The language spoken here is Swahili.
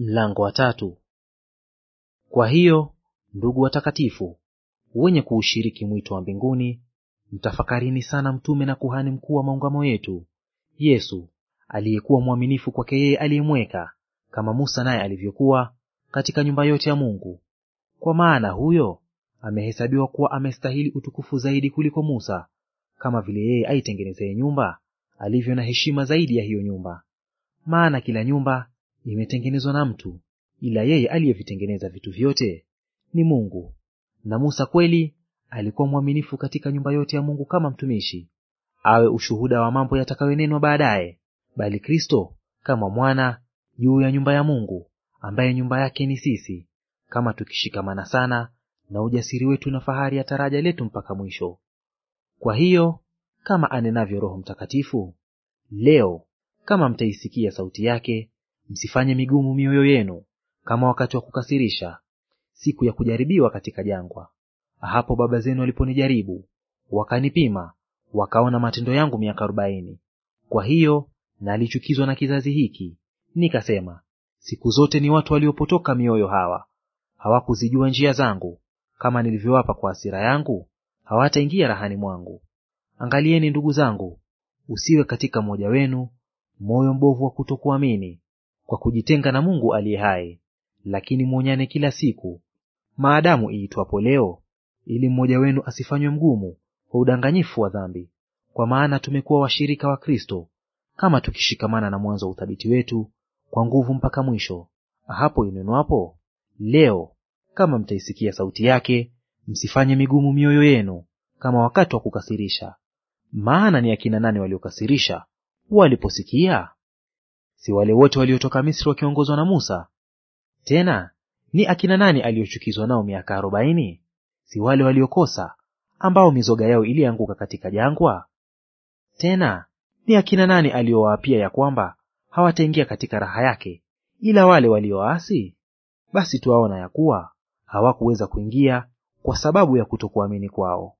Mlango wa tatu. Kwa hiyo ndugu watakatifu wenye kuushiriki mwito wa mbinguni, mtafakarini sana mtume na kuhani mkuu wa maungamo yetu, Yesu aliyekuwa mwaminifu kwake yeye aliyemweka, kama Musa naye alivyokuwa, katika nyumba yote ya Mungu. Kwa maana huyo amehesabiwa kuwa amestahili utukufu zaidi kuliko Musa, kama vile yeye aitengenezeye nyumba alivyo na heshima zaidi ya hiyo nyumba. Maana kila nyumba imetengenezwa na mtu, ila yeye aliyevitengeneza vitu vyote ni Mungu. Na Musa kweli alikuwa mwaminifu katika nyumba yote ya Mungu kama mtumishi, awe ushuhuda wa mambo yatakayonenwa baadaye, bali Kristo kama mwana juu ya nyumba ya Mungu, ambaye nyumba yake ni sisi, kama tukishikamana sana na ujasiri wetu na fahari ya taraja letu mpaka mwisho. Kwa hiyo kama anenavyo Roho Mtakatifu, leo kama mtaisikia sauti yake, Msifanye migumu mioyo yenu kama wakati wa kukasirisha, siku ya kujaribiwa katika jangwa, hapo baba zenu waliponijaribu wakanipima, wakaona matendo yangu miaka arobaini. Kwa hiyo nalichukizwa na kizazi hiki, nikasema, siku zote ni watu waliopotoka mioyo hawa. Hawakuzijua njia zangu, kama nilivyowapa kwa hasira yangu, hawataingia rahani mwangu. Angalieni ndugu zangu, usiwe katika mmoja wenu moyo mbovu wa kutokuamini, kwa kujitenga na Mungu aliye hai. Lakini mwonyane kila siku, maadamu iitwapo leo, ili mmoja wenu asifanywe mgumu kwa udanganyifu wa dhambi. Kwa maana tumekuwa washirika wa Kristo kama tukishikamana na mwanzo wa uthabiti wetu kwa nguvu mpaka mwisho, hapo inenwapo leo, kama mtaisikia sauti yake, msifanye migumu mioyo yenu kama wakati wa kukasirisha. Maana ni akina nani waliokasirisha waliposikia Si wale wote waliotoka Misri wakiongozwa na Musa? Tena ni akina nani aliyochukizwa nao miaka arobaini? Si wale waliokosa, ambao mizoga yao ilianguka katika jangwa? Tena ni akina nani aliyowaapia ya kwamba hawataingia katika raha yake, ila wale walioasi? Basi twaona ya kuwa hawakuweza kuingia kwa sababu ya kutokuamini kwao.